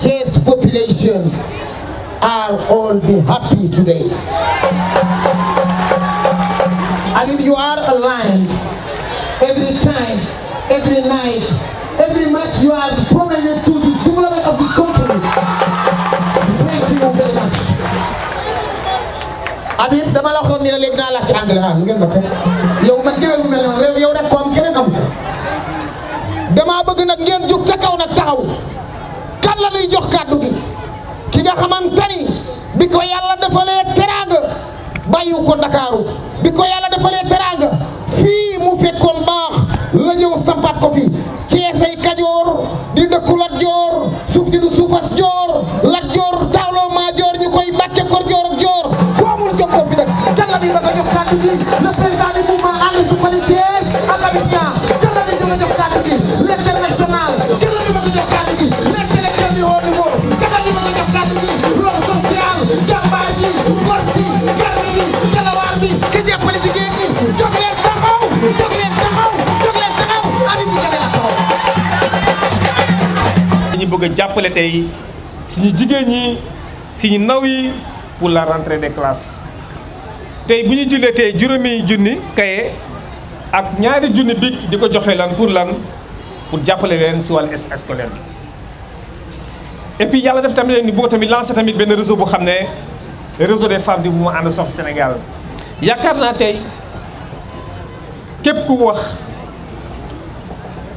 his population are all be happy today. And if you are aligned, every time, every night, every match you are prominent to the development of the company. Thank you very much. I mean, the waxoon ni la léegi naa you ci not ah ngeen man kan la nuy jox kàddu gi ki nga xamante ni bi ko yàlla defalee teraanga bàyyiw ko ndakaaru bi ko yàlla defalee teraanga fii mu fekkoon baax la ñëw sampat ko fi ceesay kajoor di dëkku lat joor suuf si du suufas joor lat joor taaloo maa joor ñu koy bàcce kor joor joor ku amul ko fi dëkk bëgg jàppale tey suñu jigéen ñi suñu ndaw yi pour la rentrée de classes tey bu ñu jëlee tey juróomi junni kaye ak ñaari junni bic di ko joxe lan pour lan pour jàppale leen si wàllu scolaire bi et yàlla def tamit ni boo tamit lancé tamit benn réseau bu xam ne réseau des femmes bu mouvement And Soxla Sénégal yaakaar naa tey képp ku wax.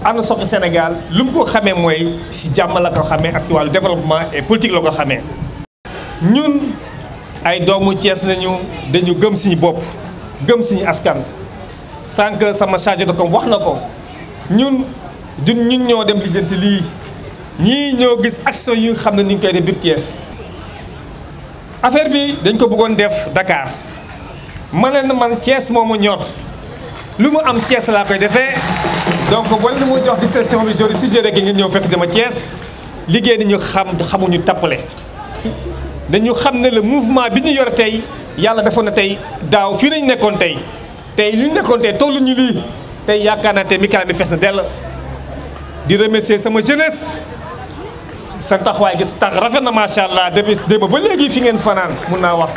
ànd Soxali Sénégal lu mu ko xamee mooy si jàmm la ko xamee ak si wàllu développement et politique la ko xamee. ñun ay doomu Cees nañu dañu gëm suñu bopp gëm suñu askan sànq sama chargé de kom wax na ko ñun ñun ñun ñoo dem lijjanti lii ñii ñoo gis action yi xam ne ni ñu koy def biir Cees affaire bi dañ ko bëggoon def Dakar ma ne man Cees moomu ñor. lu mu am Thiès laa koy defee donc wala lu mu jox di session bi jour sujet rek ngeen ñëw fekk sama Thiès liggéey nañu xam xamuñu tappale dañu xam ne le mouvement bi ñu yor tey yàlla defoon na tey daaw fii nañu nekkoon tey tey li ñu nekkoon tey tollu ñu lii tey yaakaar naa te mikaay bi fees na dell di remercier sama jeunesse sa taxawaay gis tax rafet na macha allah depuis démb ba léegi fi ngeen fanaan mun naa wax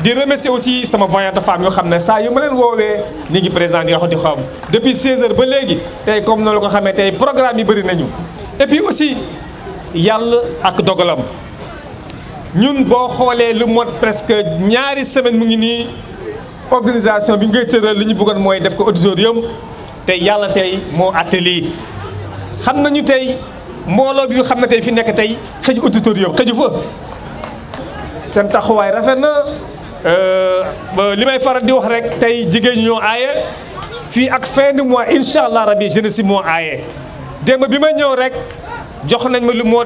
di remercier aussi sama voyante femme yo xamné sa saa yu ma leen woowee ñu ngi présent yo wax xam depuis 16h ba légui tay comme noonu la ko xamee tey programme yi bari nañu et puis aussi yalla ak dogalam ñun bo xolé lu mot presque ñaari semaine mu ngi ni organisation bi ngay teural li ñu bëggon moy def ko auditorium te yalla tay mo atelier xam nañu tey mbooloo bi xam ne tey fi nekk tey xëju auditorium xëju fa seen taxawaay rafet na. Euh, li may faral di wax rek tey jigéen ñoo aaye fii ak fin de mois incha allah rabi jeunesse moo aaye démb bi may ñëw rek jox nañ ma lu moo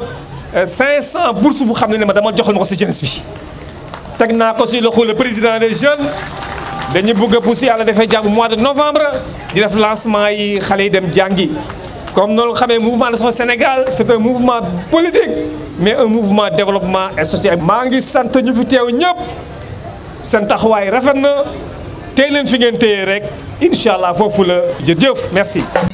500 bourse bu xam ne ne ma dama joxal ma ko si jeunesse bi. teg naa ko si loxo le président des jeunes dañu bëgg a bu si yàlla defee jàmm mois de novembre di def lancement yi xale yi dem jàngi. comme noonu nga xamee mouvement de son Sénégal c' est un mouvement politique mais un mouvement développement et social. maa ngi sant ñu fi teew ñëpp. seen taxawaay rafet na tey leen fi ngeen téye rek incha allah foofu la jërëjëf merci.